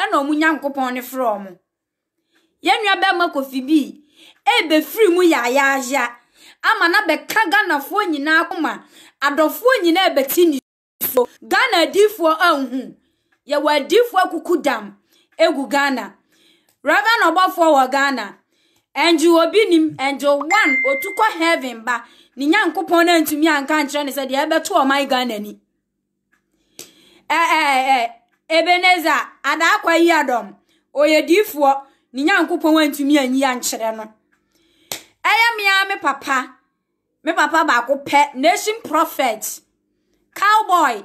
ɛna ɔmo nyankopɔn ne frɛ ɔmo yɛn nua bɛrima kofi bii ebefiri mu yaayaaya ama na bɛka ghanafoɔ nyinaa koma adɔfoɔ nyinaa ebɛti ne so ghana adiifoɔ anhu yɛwɔ adiifoɔ akuku dam egu ghana reverend ɔbɔfoɔ wɔ ghana angel obi nim angel one otukɔ heaven ba ne nyankopɔn no antumi anka nkyerɛ ne sɛ deɛ ɛbɛto ɔman ghana ni ɛɛ ɛɛ. ebeneza ada akwa yi adom oyedifoɔ ne nyankopɔn wantumi anyi ya nkyerɛ no ɛyɛ mmea me papa me papa baako pɛ nation prophet cowboy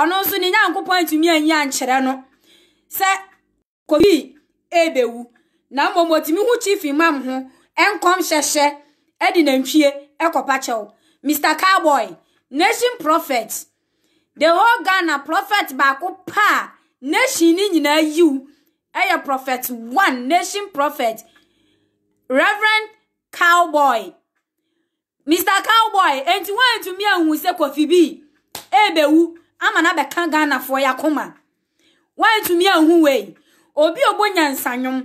ɔno nso ne nyankopɔn antumi anyi ya nkyerɛ no sɛ kobi ebewu na mmom otumi ho chief imam ho nkɔm hyɛhyɛ ɛde nantwie ɛkɔpa kyɛw mr cowboy nation prophet the whole ghana prophet baako paa nation ni nyinaa yiw ɛyɛ prophet one nation prophet reverend cowboy mr cowboy enti wɔn ntumi ehu sɛ kofi bi ebewu ama na bɛka ghanafoɔ yakoma wɔn ntumi ehu wei obi obɔ nyansanyom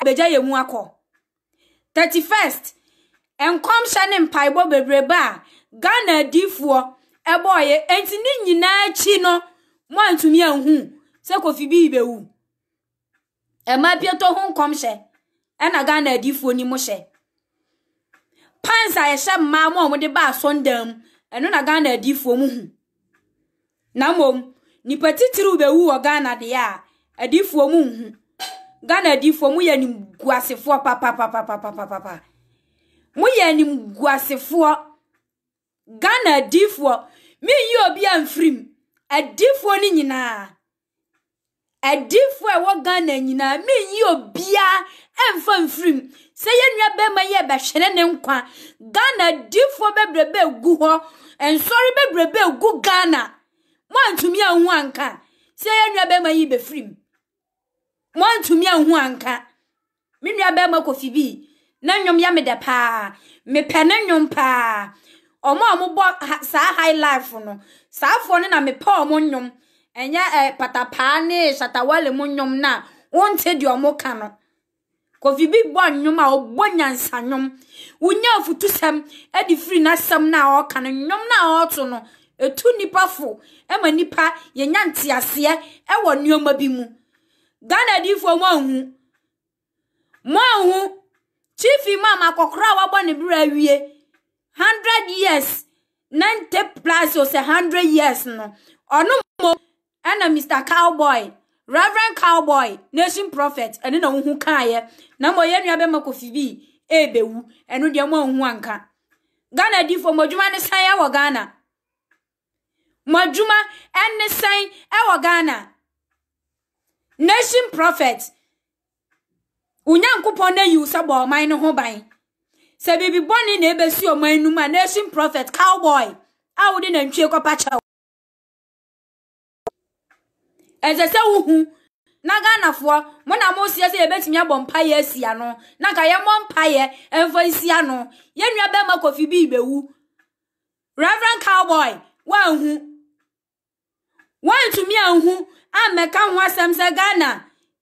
abegya yɛ mu akɔ thirty first nkɔmhyɛ ne mpaebɔ bebrebe a ghana adiifoɔ ɛbɔɔyɛ nti ne nyinaa akyi no mo antumi anhu sɛ kofi bi bɛwu ɛmaa pie tɔ ho nkɔmhyɛ ɛna ghana adiifoɔ ni mo hyɛ pants a yɛhyɛ mmaa mo a wɔde ba asɔndan mu ɛno na ghana adiifoɔ mu hu na mmom nipa titiriw bɛwu wɔ ghana deɛ a adiifoɔ mu nhu. ghana adiifoɔ moyɛ animguasefoɔ papapapapapapa moyɛ animguasefoɔ ghana adiifoɔ meyi obi a mfirim adiifoɔ e no nyinaa e e adiifoɔ a ɛwɔ ghana nyinaa meyi obiaa ɛmfa mfirim sɛ yɛnnua bɛrima yɛ bɛhwene ne nkwa ghana adiifoɔ bɛbrɛ bɛ gu hɔ nsɔre bɛbrɛ bɛ gu ghana moantumi anhu anka sɛ yɛnnua bɛrima yi bɛfirim wɔntumi anhu anka me nua bɛrima kofi bi ne nnwom yɛ me dɛ paa mepɛ ne nnwom paa ɔmo a mobɔ saa high life no saa afoɔ no na mepɛ ɔmo nnwom ɛnyɛ ɛ eh, patapaa ne shatawale mu nnwom na wɔnte deɛ ɔmo ka no kofi bi bɔ nnwom a ɔbɔ nyansa nnwom wonya afutusɛm ɛde firi n'asɛm na ɔka no nnwom na ɔɔto no etu nipa fo ɛma e nipa yɛnya nteaseɛ ɛwɔ e nneɛma bi mu. gana di fo mo hu mo hu chief imam akokora wa na ne bra wie 100 years 90 plus 100 years no ono mo ana mr cowboy reverend cowboy nation prophet ene na wohu kaeɛ na ma ɔyɛ nua bɛma mo anka difo nation prophet onyankopɔn na yi wo sɛ bɔ ɔman no ho ban sɛ biribi bɔne na ebesi ɔman no mu a nation prophet cowboy a wode nantwie kɔpa kyɛ wo ɛsɛ sɛ wohu na ghanafoɔ mo na mosie sɛ yɛbɛtumi abɔ mpaeɛ asia no na ka yɛmmɔ mpaeɛ ɛmfa nsia no yɛnnua bɛma kofi bi bɛwu reverend cowboy woanhu wɔntumi anhu ammɛka ho asɛm sɛ ghana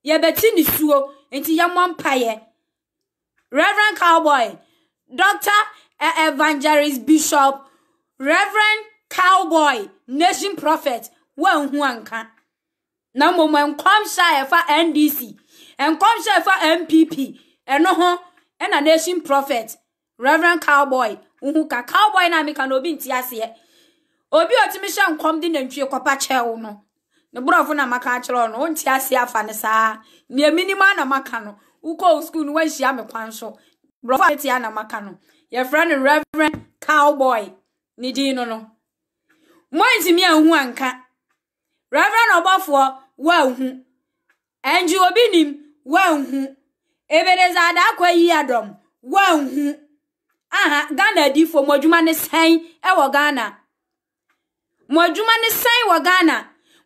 yɛbɛti ne suo nti yɛmmɔ mpaeɛ reverend cowboy dr eh, evangelist bishop reverend cowboy nation prophet wɔanhu anka na mmom nkɔmhyɛ a ɛfa ndc nkɔmhyɛ a ɛfa npp ɛno ho ɛna nation prophet reverend cowboy nhu ka cowboy na meka na obi nte aseɛ obi otimi hyɛ nkɔm de nantwie kɔpa kyɛɛ no ne borɔfo na maka akyerɛ no wonte ase afa ne saa nea minim ana maka no wokɔɔ skuul no woanhyia me kwan so borɔfo a te ana maka no yɛfrɛ no reverend cowboy ne din no no moantimi anhu anka reverend ɔbɔfoɔ woanhu ɛngye obi nim woanhu ebedeza ada akɔ yi adɔm woanhu aha ghana adifo mu adwuma ne sɛn ɛwɔ ghana mo adwuma ne sɛn wɔ ghana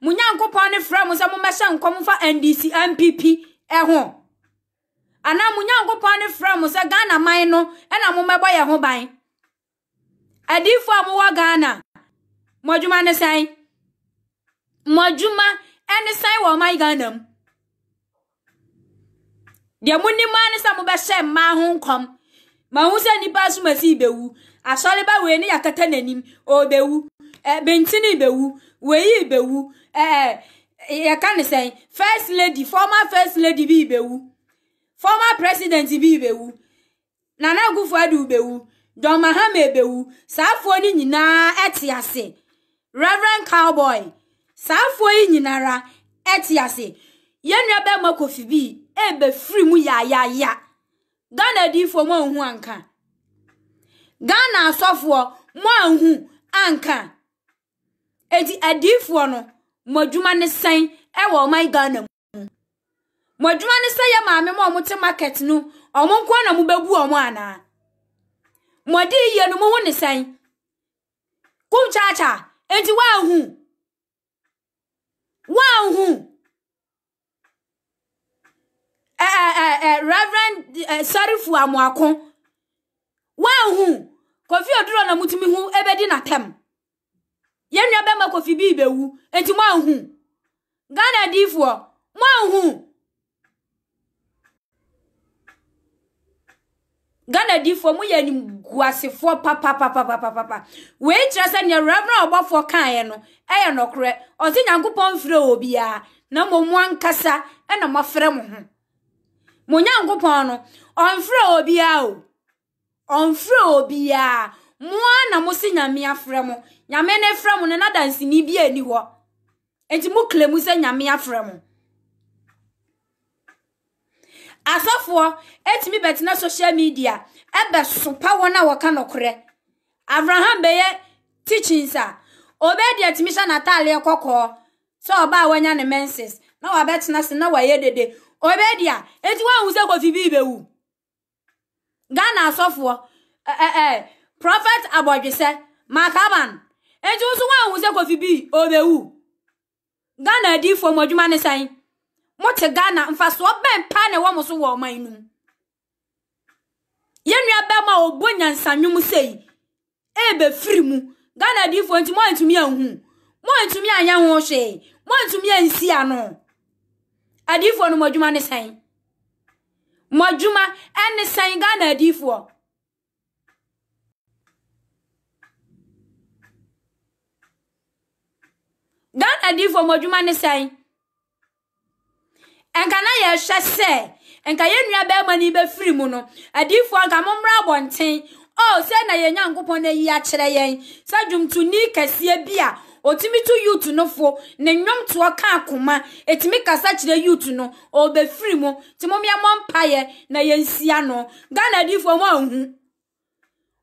mo nyankopɔn ne frɛ mo sɛ mommɛhyɛ nkɔm fa ndc mpp ɛho anaa mo nyankopɔn ne frɛ mo sɛ ghana man no ɛna mommɛbɔ yɛ ho ban adiifoɔ a mowɔ ghana mo adwuma ne sɛn mo adwuma ɛne sɛn wɔ ɔman ghana mu deɛ monim a ne sɛ mobɛhyɛ mmaa ho nkɔm ma ho sɛ nnipa so bɛwu asɔre ba wei ne yɛkata n'anim ɔbɛwu Eh, bɛntini ibewu wɛyi ibewu ɛɛ eh, yɛka eh, first lady former first lady bi ibewu former president bi ibewu nana akufoadu ibewu john mahama ibewu saafoɔ no nyinaa ɛte ase reverend cowboy saafoɔ yi nyinara ɛte ase yɛn nua bɛrima kofi bi ɛbɛfiri mu yaayaaya ghana diifoɔ mu anhu anka ghana asɔfoɔ mu anhu anka. enti adiifoɔ no mo adwuma ne mu ne maame ma ɔmo te market no na mo bɛbu ɔmo anaa mo adi no mo ho ne sɛn kum kyaakyaa enti wanhu wanhu ɛɛ ɛɛ ɛɛ reverend ɛɛ sɔrifo amoako wanhu kofi oduro na hu ebedi na yɛn nua bɛma kofi bii bewu nti mo anhu ghana adiifoɔ mo anhu ghana adiifoɔ mo yɛ animguasefoɔ papapapapapapa wei kyerɛ sɛ nea reverend ɔbɔfoɔ kaeɛ no ɛyɛ nɔkorɛ ɔte nyankopɔn mfirɛ wɔ biara na mmom mo ankasa ɛna moafrɛ mo ho mo nyankopɔn no ɔmfrɛ wɔ biara o ɔmfrɛ wɔ biara mmoa na mo si nyame afrɛ mo nyame ne frɛ mo ne na dansini bi ani hɔ nti mo kle mu sɛ nyame afrɛ mo asɔfoɔ etimi bɛtena social media ɛbɛ sopa wɔn a wɔka nɔkorɛ abraham bɛyɛ teachings a obedi etimi hyɛ n'ataaleɛ kɔkɔɔ sɛ ɔbaa wɔnya ne menses na wabɛtena se na wɔyɛ dede obedi a eti wɔn ahu sɛ kofi bii bɛwu ghana asɔfoɔ ɛɛ ɛɛ. Prophet Agbojise Makaban eji usu nwa wuze kofi bi obewu Gana di fo modwuma Mụtị san mote Ghana mfaso ben pa ne wo mo so wo man nu Yenua be ma nyansanwum sei ebe firi mu Gana di fo nti mo ntumi anhu mo ntumi anya ho hwe mo ntumi ansi ano adifo no modwuma ne san san Ghana adifo ghana diifo mu adwuma ne sɛn nka na yɛhwɛ sɛ nka yɛn nua bɛrima no bɛfiri mu no adiifo nka mommra abɔnten o sɛ na yɛn nyankopɔn no ayi akyerɛ yɛn sɛ dwomtoni kɛseɛ bi a otumi tu youth no fo ne nnwomtoɔ ka akoma etumi kasa kyerɛ youth no ɔbɛfiri mu nti mommea mɔ mpaeɛ na yɛnsia no ghana diifo mo ahu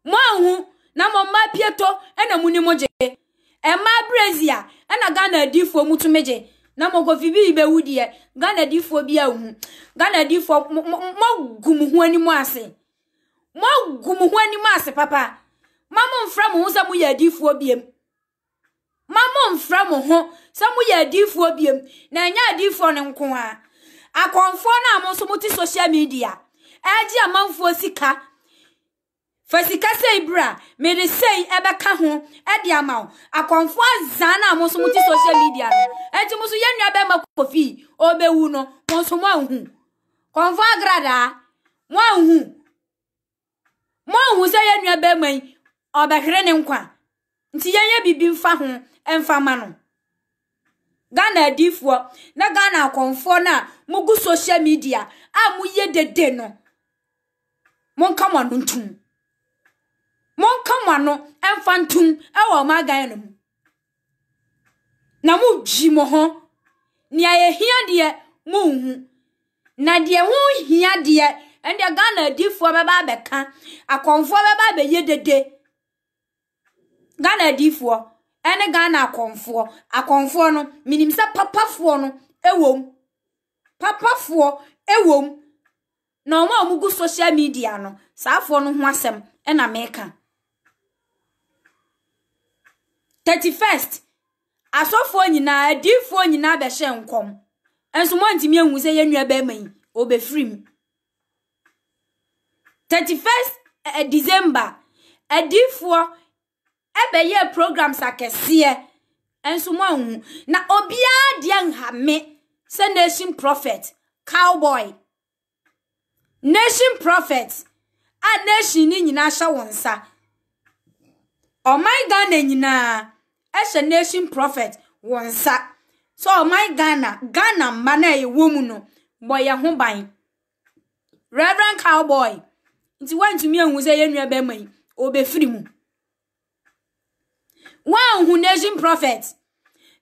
mo ahu na mo mma pieto ɛna e mu ni mo gye ɛma e brezia ɛna ghana adiifoɔ mu tumi gye na mɔkɔfi bi bɛwu deɛ ghana adiifoɔ bi ahu ghana adiifoɔ mɔgu mo gumu anim ase mo gumu anim ase papa ma momfra mo samu ya moyɛ adiifoɔ biam ma momfra samu ya sɛ moyɛ na ɛnyɛ adiifoɔ no nko a akɔnfoɔ no a mo nso mote social media ɛgye amanfoɔ sika fasi kasa ibra mede sei ɛbɛka ho ɛde ama wo akɔmfo azaa no a mo nso mote social media no ɛnti eh, mo so yɛnnua bɛma kɔfii ɔbɛwu no mo nso moanhu kɔmfo agradaa moanhu moanhu sɛ yɛnnua bɛma yi ɔbɛhwere ne nkwa nti yɛnyɛ biribi mfa ho ɛmfa eh, ma no ghana adiifoɔ na ghana akɔmfoɔ no a mogu social media a moyɛ dede no monka mo ano ntom monka mo ano mfa ntom wɔ gan no na mu na mogyi mo ho nea yɛhia mu monhu na deɛ ho hia deɛ ɛndeɛ ghana ka bɛba abɛka akɔmfoɔ bɛba abɛyɛ dede ghana adiifoɔ ɛne ghana akɔmfoɔ akɔmfoɔ no menim sɛ papafoɔ no ɛwom papafoɔ ɛwom na ɔmo a ɔmo gu social media no saafoɔ no ho asɛm ɛna mɛka thirty first asɔfoɔ nyinaa adiifoɔ nyinaa bɛhyɛ nkɔm nso wɔntumi ehu sɛ yɛn nua bɛrima yi ɔbɛfiri mu thirty first ɛ december adiifoɔ ɛbɛyɛ programs akɛseɛ nso wɔnhu na obiara deɛ nhame sɛ nation prophet cowboy nation prophet a nation ni nyinaa hyɛ wɔn nsa ɔman ghana nyinaa. ɛhyɛ nation prophet wɔn nsa so ɔman ghana ghana mma no ɛwɔ mu no bɔ yɛn ho ban reverend cowboy nti wantumi ahu sɛ yɛn nua bɛrima yi ɔbɛfiri mu Wɔn ahu nation prophet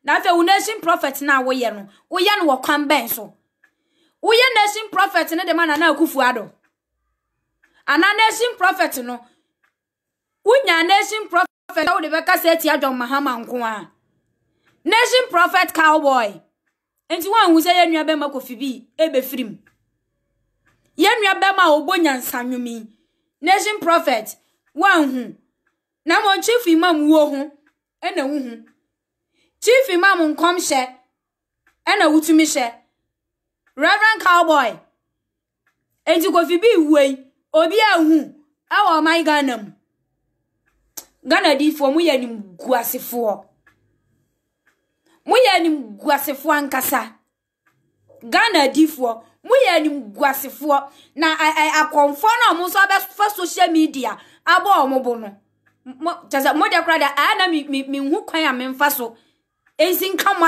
na afei nation prophet na woyɛ no woyɛ no wɔ kwan bɛn so woyɛ nation prophet no dɛm ma nana akufu ado ana nation prophet no wonya nation prophet prophet wo de bɛka sɛ atia john mahama nko a nation prophet cowboy nti woanhu sɛ yɛnnua bɛma kofi bi ɛbɛfirim e yɛnnua bɛma a wɔbɔ nyansanwom nation prophet woanhu na mmom chief imam wuo e na ɛna wohu chief imam hye nkɔmhyɛ e ɛna wotumi hye reverend cowboy nti kofi bi wuo yi obi ahu ɛwɔ ɔman ghana mu ghana adiifoɔ moyɛ animguasefoɔ moyɛ animguasefoɔ ankasa ghana adiifoɔ moyɛ animguasefoɔ na akɔmfoɔ no a mo so abɛfa social media abɔ ɔmo bo no kyɛ sɛ mode da ana mi na menhu kwan a memfa so ɛnsi e nka mo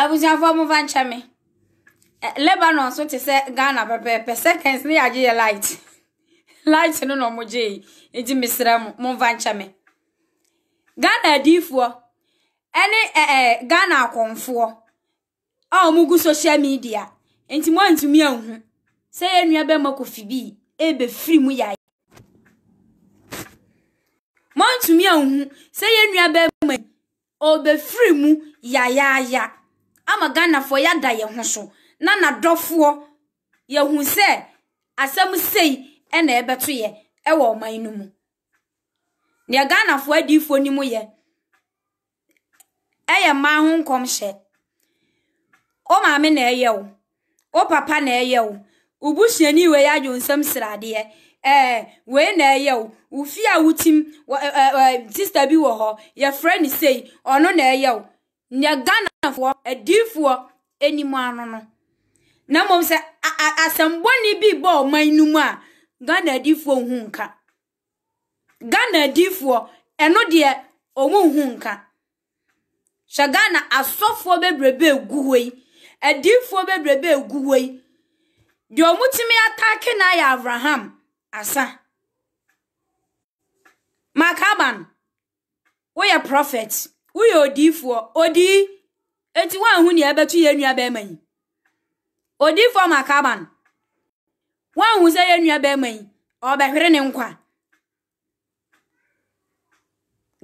abusuafoɔ mo va nkyɛn mi lebanon so te sɛ ghana pɛpɛɛpɛ seconds ne yagye yɛ light light no na ɔmo gye yi edi mesra mo mo va nkyɛn mi ghana adiifoɔ ɛne ɛɛ ghana akɔnfoɔ a ɔmo gu social media nti mo ntumi ehu sɛ yɛn nua bɛrima kofi bi ebe firi mu yɛ mo ntumi ehu sɛ yɛn nua bɛrima ɔbɛfiri mu yayaaya. ama ya da yɛn ho so na n'adɔfoɔ yɛhu sɛ asɛm sei ɛna ɛbɛto yɛ ɛwɔ ɔman no mu nea ghanafoɔ adiifoɔ no mu yɛ ɛyɛ mmaa ho nkɔmhyɛ o maame na ɛyɛ wo o papa na ɛyɛ wo wo busuani wei adwo nsɛm sradeɛ ɛɛ wei na ɛyɛ wo wo fie a wotim wɔ ɛɛ ɛɛ sista bi wɔ hɔ yɛfrɛ ne sei ɔno na ɛyɛ wo. nye ghanafoɔ adiifoɔ anim ano no na mmom sɛ asɛmbɔne bi bɔ ɔman no a gana adiifoɔ nhu nka ghana adiifoɔ ɛno deɛ ɔmo nhu nka hyɛ ghana asɔfoɔ bebrebe egu hɔ yi adiifoɔ bebrebe egu hɔ yi deɛ ɔmo tumi ataake na ayɛ abraham asa makaban woyɛ prɔfɛt. uyo odiifuo odi eti wa hu ni ebetu ye nua be man odiifuo maka ban wa hu se ye nua be man obehwere ne nkwa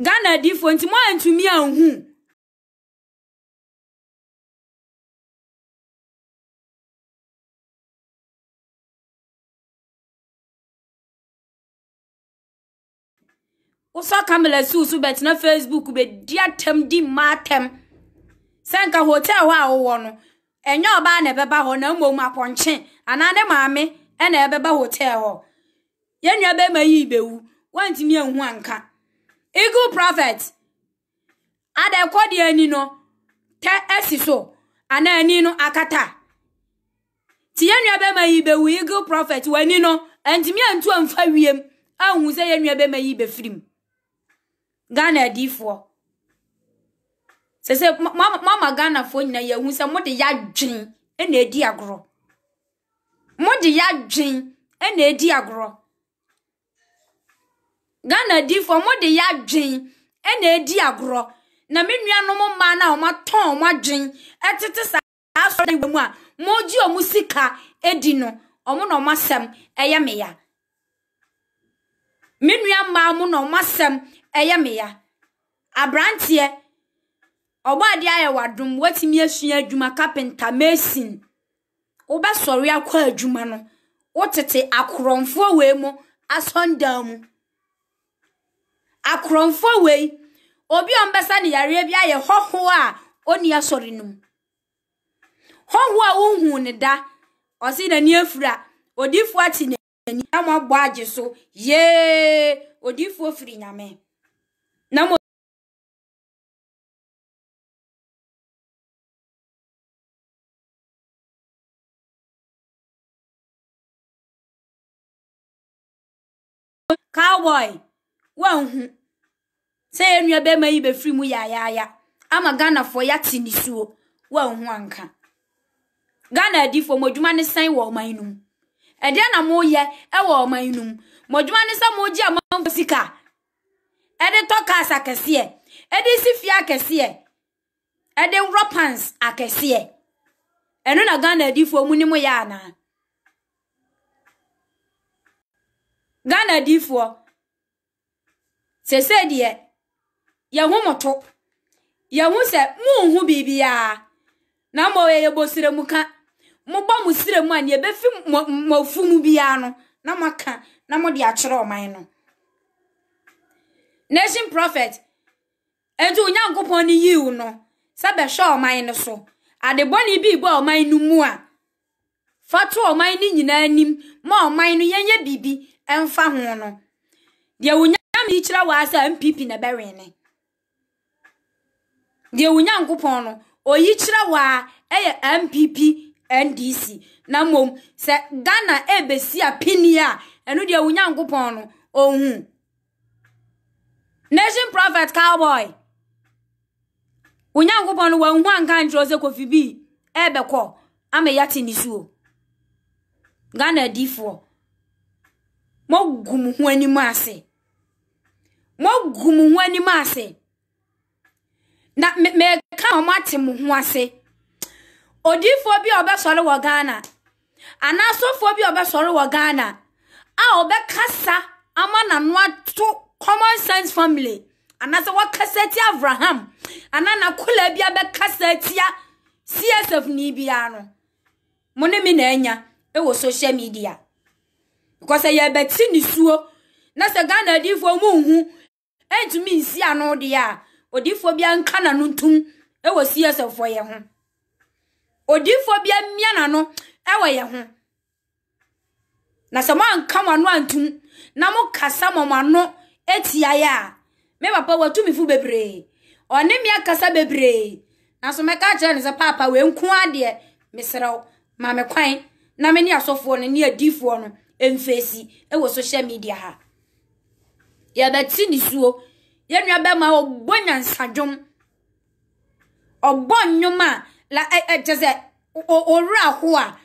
Ghana diifuo nti mo antumi anhu wosɔ kamela siw so bɛtena facebook bɛdi atɛm di mma atɛm sɛ nka hotel hɔ a wowɔ no ɛnyɛ ɔbaa na ɛbɛba hɔ na mmom apɔnkye anaa ne maame ɛna ɛbɛba hotel hɔ yɛn nua bɛrima yi bɛwu wɔntumi ehu anka eagle prophet adakɔ deɛ ani no te ɛsi so anaa ani no akata te yɛn nua bɛrima yi bɛwu eagle prophet wɔn ani no ntumi antu anfa wiem ahu sɛ yɛn nua bɛrima yi bɛfirim. ghana adiifoɔ sɛ sɛ mama ghanafoɔ nyina yɛahu sɛ mode yɛadwen na ɛdi agorɔ mode yɛadwen na ɛdi agorɔ ghana adiifoɔ mode yɛadwen na ɛdi agorɔ na me nuanom mmaa no a wɔmatɔn wɔn adwen tete saa asɔre mu a mogye wɔn sika di no wɔn na wɔn asɛm yɛ meya me nua mmaa mu na wɔn asɛm ɛyɛ mmea aberanteɛ ɔbɔade ayɛ wadom watumi asua adwuma kapenta mason sori akɔ adwuma no wotete akorɔmfoɔ wei mu asɔndan mu akorɔmfoɔ wei obi a ɔmbɛsa ne yareɛ bi ayɛ hɔhoɔ a sori asɔre no mu hɔhoɔ a wohuu ne da ɔse n'ani afura odiifoɔ ate n'ani na mɔbɔ agye so yee odiifoɔ firi nyame na Nam cowboy wanhu sɛ yɛnnua bɛma yi bɛfiri mu yaayaaya ama ghanafoɔ yɛate ne suo wanhu anka ghana adifoɔ mo adwuma ne sɛn wɔ ɔman no mu ɛdeɛ na moyɛ ɛwɔ ɔman no mu mo adwuma ne sɛ mogye amanfo sika Ede tɔ cars akɛseɛ ɛde si fie akɛseɛ ɛde nworɔ pants akɛseɛ ɛno na ghana adiifoɔ mu ne mu yɛ anaa ghana adiifoɔ sese deɛ yɛho moto yɛho sɛ monhu biribiara na mmɔ yɛ yɛbɔ sire mu ka mobɔ mo sire mu a neɛ ɛbɛfi mɔfu mu biara no na maka na mode akyerɛ ɔman no nation prophet edu nyankopɔn ne yiw no sɛ bɛhwɛ ɔman no so ade bɔne bi bɔ ɔman no mu a fa to ɔman no anim ma ɔman biribi ho no wo yi kyerɛ mpp na no oyi kyerɛ mpp ndc na a wo no nation prophet cowboy onyankopɔn no wanhu anka nkyerɛ jose kofi bi ɛbɛkɔ ama yɛate ne suo ghana adifoɔ moagu mo ho anim ase moagu mo ho anim ase na meka ɔmo ate mo ho ase odiifoɔ bi a ɔbɛsɔre wɔ ghana anaa asɔfoɔ bi a ɔbɛsɔre wɔ ghana a kasa. sense family anaasɛ wɔkasa tia abraham anaa nakola bi abɛkasa tia csf ni biara no mo ne me na anya e wɔ social media because yɛbɛti ne suo na sɛ ghana adiifoɔ mu nhu ɛntumi e nsi ano deɛ a odiifoɔ bi anka n'ano ntum e wɔ csf fɔ yɛn ho odiifoɔ bi amia n'ano wɔ yɛn ho na sɛ mo anka mo antum na mo kasa mo ano. etia ya me papa watumi fu bebree ɔne me akasa na nanso mɛka kyerɛ ne sɛ papa wei nko adeɛ mesrɛ wo ma me kwan na me ne asɔfoɔ no ne adiifoɔ no mfeesi e wɔ social media ha yɛbɛti nisuo yɛnnua bɛma ɔbɔ nyansadwom ɔbɔ nnwom a la ɛkyɛ e, sɛ e, ɔwura ho a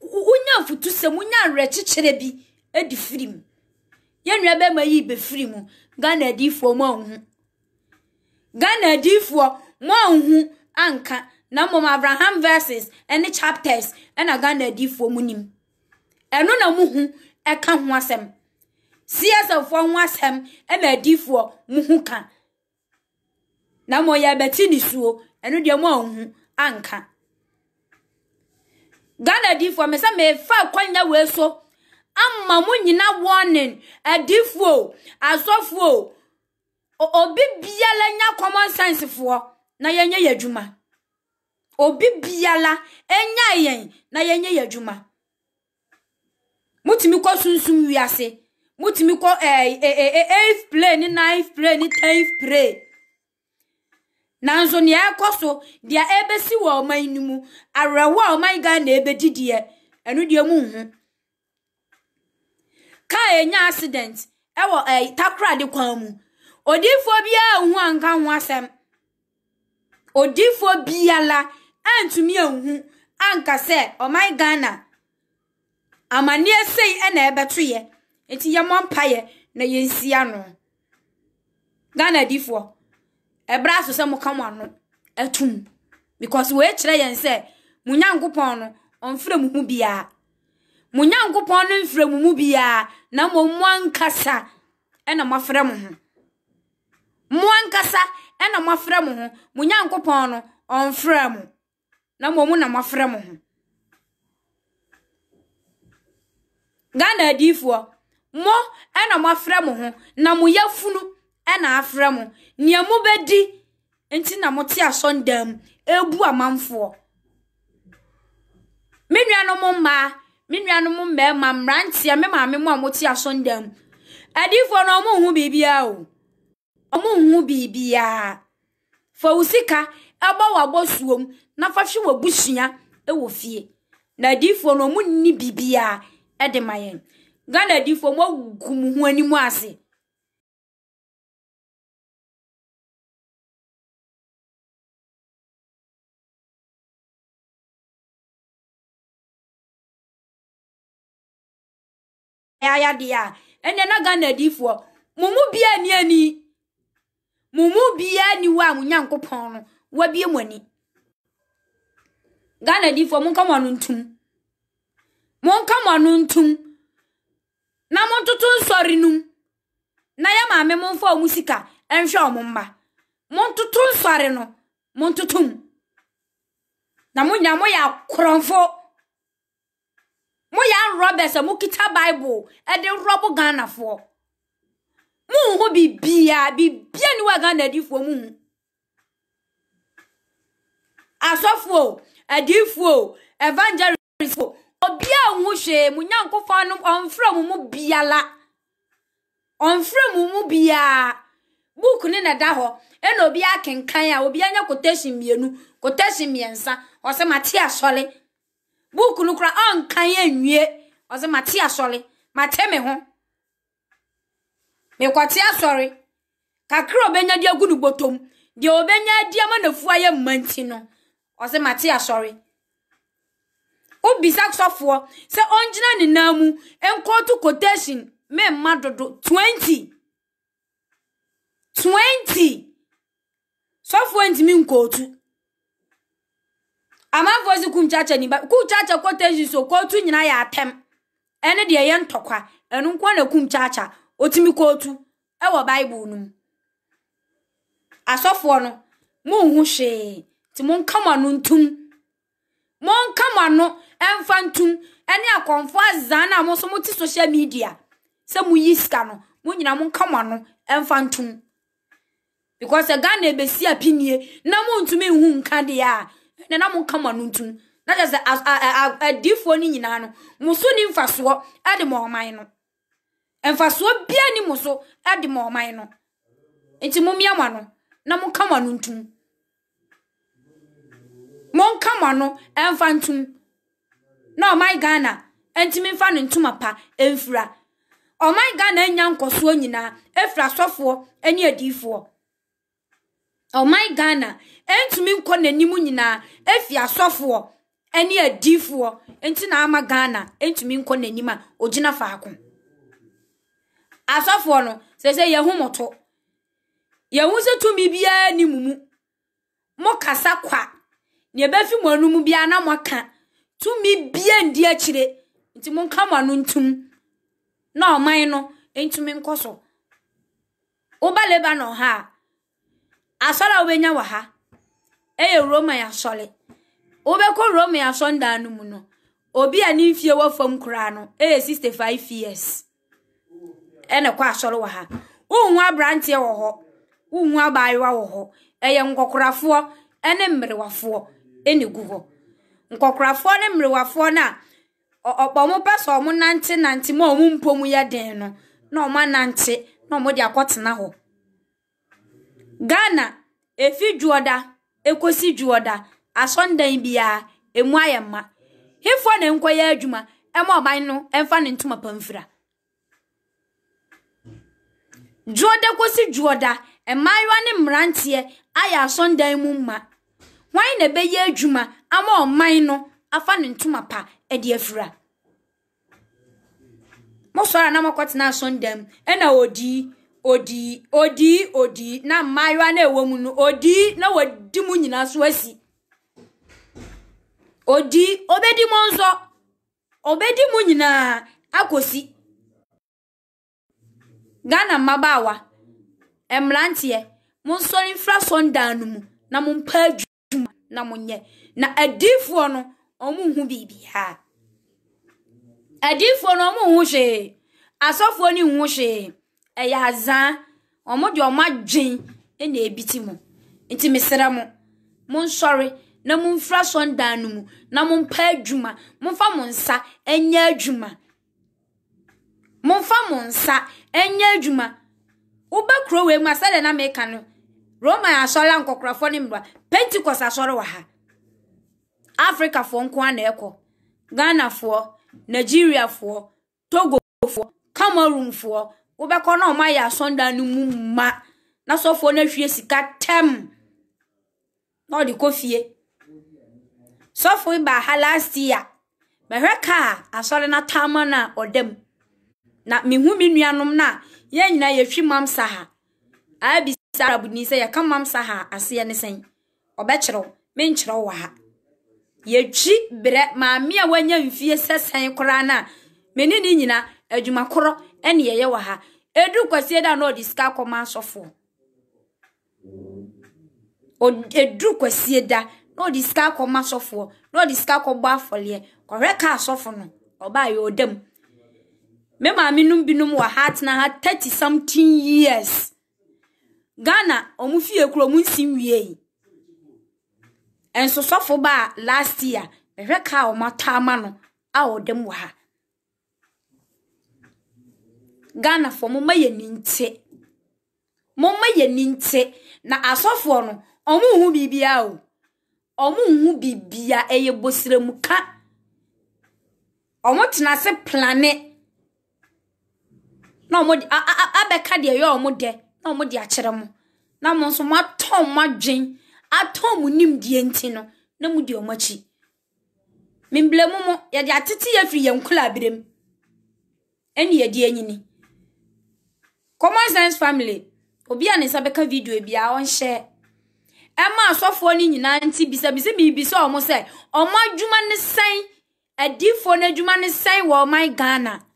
wonya afutusɛm wonya awerɛkyekyerɛ bi di firim yɛn nua bɛma yi bɛfiri mu ghana adiifoɔ mo anhu ghana adiifoɔ mo anhu anka na mmom abraham verses ne chapters na ghana adiifoɔ mu nim ɛno na muhu ɛka ho asɛm csfoɔ ho asɛm na adiifoɔ mo ho ka na mmom yɛbɛte ne suo ɛno deɛ mo anhu anka ghana adiifoɔ me sɛ mefa kwanya wei so ama mu nyina warning adifoɔ asɔfoɔ obi biara nya common sense na yenye yɛ obi biara nya na mutumi sunsun wiase mutumi kɔ eh, ɛɛ eh, ɛɛ eh, eighth plane ninth plane tenth plane nanso nea ɛkɔ so deɛ ɛbɛsi a ɔman ghana mu kaa enye accident ɛwɔ ɛyi eh, takoradi kwan mu odiifoɔ biara ehu anka ho asɛm odiifoɔ biara antumi ehu anka sɛ ɔman oh ghana amaneɛ sei ɛna ɛbɛto yɛ nti yɛ mɔ mpa na yɛn si ano ghana difoɔ ɛbrɛ aso sɛ mo ka mo ano ɛtum because wɔn akyerɛ yɛn sɛ mo no ɔmfrɛ mo ho biara. mo nyankopɔn no mfiri mo mu biara na mmom mo ankasa ɛna moafrɛ mo ho moafrɛ mo ho mo na mmom na moafrɛ mo ho ghana adiifoɔ na mo yafunu ɛna afrɛ mo na mote asɔndan mu ebu amanfoɔ me nuanom mmaa me nuanom mmarima mmeranteɛ me maame mu a mote asɔndam adiifoɔ no ɔmo nhu biribiara o ɔmo nhu biribiara fa wo sika ɛbɔ w'abɔsuom na fa hwe w'abusua ɛwɔ fie na adiifoɔ no ɔmo nni biribiara ɛde ma yɛn ghana adiifoɔ mo agu mo ho anim ase ya dị ya enye na ga na edifuo mumu bia ni ani mumu bia ni wa mu nyankopon no wa bia mani ga na edifuo mun kama no ntum mun kama no na mun tutu nsori num na ya maame mun fa mu sika enhwe omu mma mun tutu nsori no mun na mun nya mo ya kronfo moyɛ anrɔbɛ mo kita bible ɛde rɔbo ghanafoɔ monho biribiaa biribia ne wa ghana adifoɔ mu hu asɔfoɔ adifoɔ evangelistfoɔ obiaa ho hwee mu nyankopɔn no ɔmfrɛ mu mu biala ɔmfrɛ mu mu biaa book ne na da hɔ ɛna obi akenkan a obi anya quotation mmienu quotation mmiɛnsa ɔsɛ mate asɔre bukunu kora ɔnkan anwie ɔsɛ mate asɔre mate me ho mekɔte asɔre kakra obenya de agu no bɔtɔm deɛ obenya de ama nafu ayɛ mma no ɔsɛ mate asɔre wobisa sɔfoɔ sɛ ɔngyina ne nan mu nkɔto quotation memma dodo 20 20 sɔfoɔ ntumi nkɔɔtu amanfoɔ si kumkyakya nipa kumkyakya kɔtɛnsi so kootu nyinaa yɛ atɛm ɛne deɛ yɛ ntɔkwa ɛno nko na kumkyakya otumi kootu ɛwɔ baibul no mu asɔfoɔ no monhu hwee nti monka mo no ntum monka nkama no ɛmfa ntum ɛne akɔnfo azaa na mo nso mote social media sɛ moyi sika no mo nyinaa monka nkama no ɛmfa ntum because ghana ebesi apinie na montumi nhu nka deɛ a. na na monka ma no ntum na kyɛ sɛ adiifoɔ ni nyinaa no mo so ne mfasoɔ de ma ɔman no mfasoɔ bia ni mo so de ma ɔman no nti mommia ma no na monka ma no ntum monka ma no ɛmfa ntum na ɔman ghana ntumi mfa no ntoma pa mfira ɔman ghana anya nkɔsoɔ nyinaa ɛfiri asɔfoɔ ne adiifoɔ ɔman ghana ntumi nkọ n'anim nyinaa efi asɔfoɔ ne adiifoɔ nti na ama ghana ntumi nkọ n'anim a ogyina faako asɔfoɔ no sɛsɛ yɛn ho mɔtɔ yɛn ho sɛ tumi biara ni mu mu mo kasa kwa nea ebefi mo anum biara na mo aka tumi bia ndi akyire nti mo nka mo ano ntum na ɔman no ntumi nkɔ so woba lebanon ha a. asɔre a wobɛnya wɔ ha ɛyɛ roma asɔre wobɛkɔ roma asɔndan no mu no obi a ne mfie wɔ fam koraa no ɛyɛ 65 years ɛna kɔ asɔre wɔ ha wohu aberanteɛ wɔ hɔ wohu abaayewa wɔ hɔ ɛyɛ nkɔkorafoɔ ne mmerewafoɔ ɛna gu hɔ nkɔkorafoɔ ne mmerewafoɔ no a ɔmo pɛ sɛ ɔmo nante nante ma ɔmo mpɔ mu den no na ɔmo anante na ɔmo de akɔtena hɔ Ghana efijuo da ekosijuo da asɔndan biara emu ayɛ mma hifoɔ na nkɔyɛ adwuma ɛma ɔman no ɛmfa ne ntoma pamfira juo da kosi juo da mmaayewa ne mmeranteɛ ayɛ asɔndan mu ma wɔn na ɛbɛyɛ adwuma ama ɔman no afa ne ntoma pa ɛde afira mosɔre a na mɔkɔtena asɔndan mu na odi. odi odi odi na mmaayewa na ɛwɔ mu no odii na wɔdi mu nyinaa so asi odi obedi mu nso obedi mu nyinaa akosi ghana mmabaawa mmeranteɛ monsɔre mfra sɔndan no mu na mompa adwuma na mụnyere na adiifoɔ no ɔmo hu ha. adiifoɔ no ɔmo hu hwee asɔfoɔ no hu hwee ɛyɛ azan ɔmo deɛ ɔmo adwen ɛna ebiti mo nti mesrɛ mo monsɔre na momfira sɔndan no mu na mompa adwuma momfa mo nsa ɛnyɛ adwuma momfa mo nsa ɛnyɛ adwuma wobɛkuro wei mu a sɛdeɛ na meka no roma asɔre a nkɔkorɔfoɔ no mmra pentecost asɔre wɔ ha africafoɔ nko a na ɛkɔ ghanafoɔ nigeriafoɔ togofoɔ cameroonfoɔ wobɛkɔ na ɔma yɛ asɔnda no mu ma na sɔfoɔ na ahwie sika tɛm na ɔde kɔ fie sɔfo yi baa ha last year mɛhwɛ kaa asɔre no taama no a ɔda mu na mehu me nuanom no a yɛn nyinaa yɛhwi mam saha abisa arabuni sɛ yɛka mam saha aseɛ ne sɛn ɔbɛkyerɛw menkyerɛw wɔ ha yɛtwi berɛ maame a wanya mfie sɛ sɛn koraa no a ni ne nyina adwuma korɔ ɛne wɔ ha ɛduru kwasie da na ɔde sika akɔma asɔfoɔ ɛduru kwasie da na ɔde sika akɔma na sika afɔleɛ ka asɔfo no ɔbaa yɛ ɔda mu me maame nom binom wɔ ha 30 something years ghana ɔmo fie kuro ɔmo nsi nwie nsosɔfo last year ɛhwɛ ka atɔ ama ghanafoɔ momma yɛ ni nte momma yɛ ni nte na asɔfoɔ no ɔmo nhu biribiara o ɔmo nhu biribiara ɛyɛ bosiramu ka ɔmo tena ase plane na ɔmo de a a abɛka deɛ na ɔmo de akyerɛ mo na mo nso mo atɔn mo adwen atɔn mo nimdeɛ nti no na mo di ɔmo akyi memblɛmu mo yɛde atete yɛ firi yɛn kola abirim ɛne yɛde anyini common sense family obi a ne nsa bɛka video bi a ɔnhyɛ ɛma asɔfoɔ no nyinaa nti bisabisa biribi sɛ ɔmo sɛ ɔmo adwuma ne sɛn adiifoɔ no adwuma ne sɛn wɔ ɔman ghana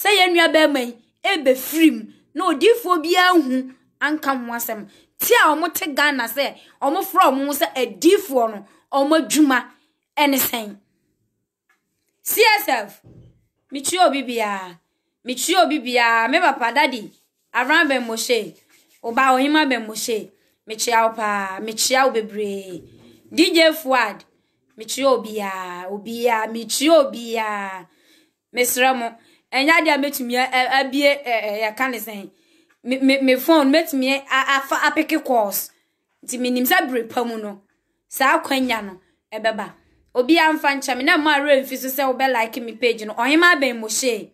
sɛ yɛn nua bɛrima yi ɛbɛ firim na odiifoɔ biara hu anka ho asɛm ti a ɔmo te ghana sɛ ɔmo fura ɔmo sɛ adiifoɔ no ɔmo adwuma ɛne sɛn csf mekyia obi biara mekyia obi bia me papa daddy. avran ben moshe Oba ɔhema ben moshe mekyia wo paa mekyia wo bebree dj fuad mekyia obiara obiara mekyia obiara mesrɛ mo ɛnyɛ adeɛ a mɛtumi abie e, e, e, yɛka ne sɛn me phone mɛtumi afa apeke calls nti menim sɛ bere pa mu no saa kwanya no ɛbɛba obiara mfa nkyɛ me na mmaa werɛ mfi so sɛ wobɛlike me page no ɔhema abɛn mo hyee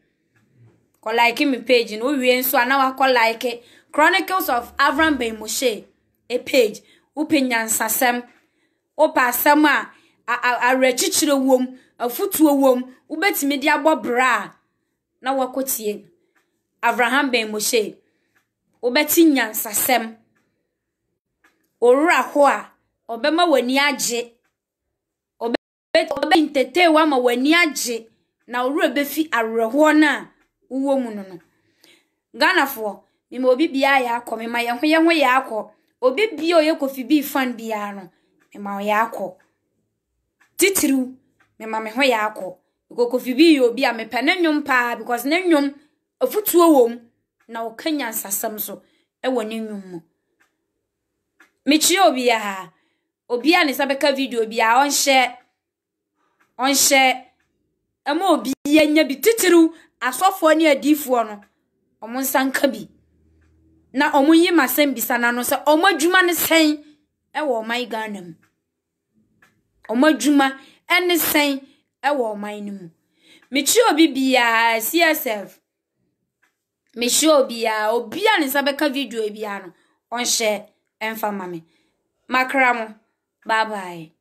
kọ like mi page na o nso a na wakọ like chronicles of avram ben moshe e page wopɛ nyansasɛm wopɛ asɛm a awerɛkyekyerɛ wom afotuo wom wobɛtumi de abɔ bra a na wɔkɔtie avraham ben moshe wobɛte nyansasɛm owura hɔ a ɔbɛma w'ani agye ɔbɛyintete wama w'ani agye na owura bɛfi awerɛhoɔ no a uwo mu no no ghanafoɔ mema obi biaa yɛ akɔ mema yɛn ho yɛn ho yɛ akɔ obi bia ɔyɛ kofi bii fan biaa no mema ɔyɛ akɔ titiriw mema me ho yɛ akɔ kofi bii yɛ obi a mepɛ ne nnwom paa because ne nnwom afotuo wɔ mu na ɔka nyansasɛm so wɔ ne nnwom mu mekyerɛ obiaa obiaa ne nsa bɛka video biaa ɔnhyɛ ɔnhyɛ ɛma ya nya bi titiriw asɔfoɔ ne adiifoɔ no ɔmo nsa nka bi na ɔmo yi ma sɛn bisa n'ano sɛ ɔmo adwuma ne sɛn ɛwɔ ɔman ghana mu ɔmo adwuma ɛne sɛn ɛwɔ ɔman no mu mekyia obi biara csf mehyia obiara obiara ne nsa bɛka video biara no ɔnhyɛ ɛmfa ma me makra bye bye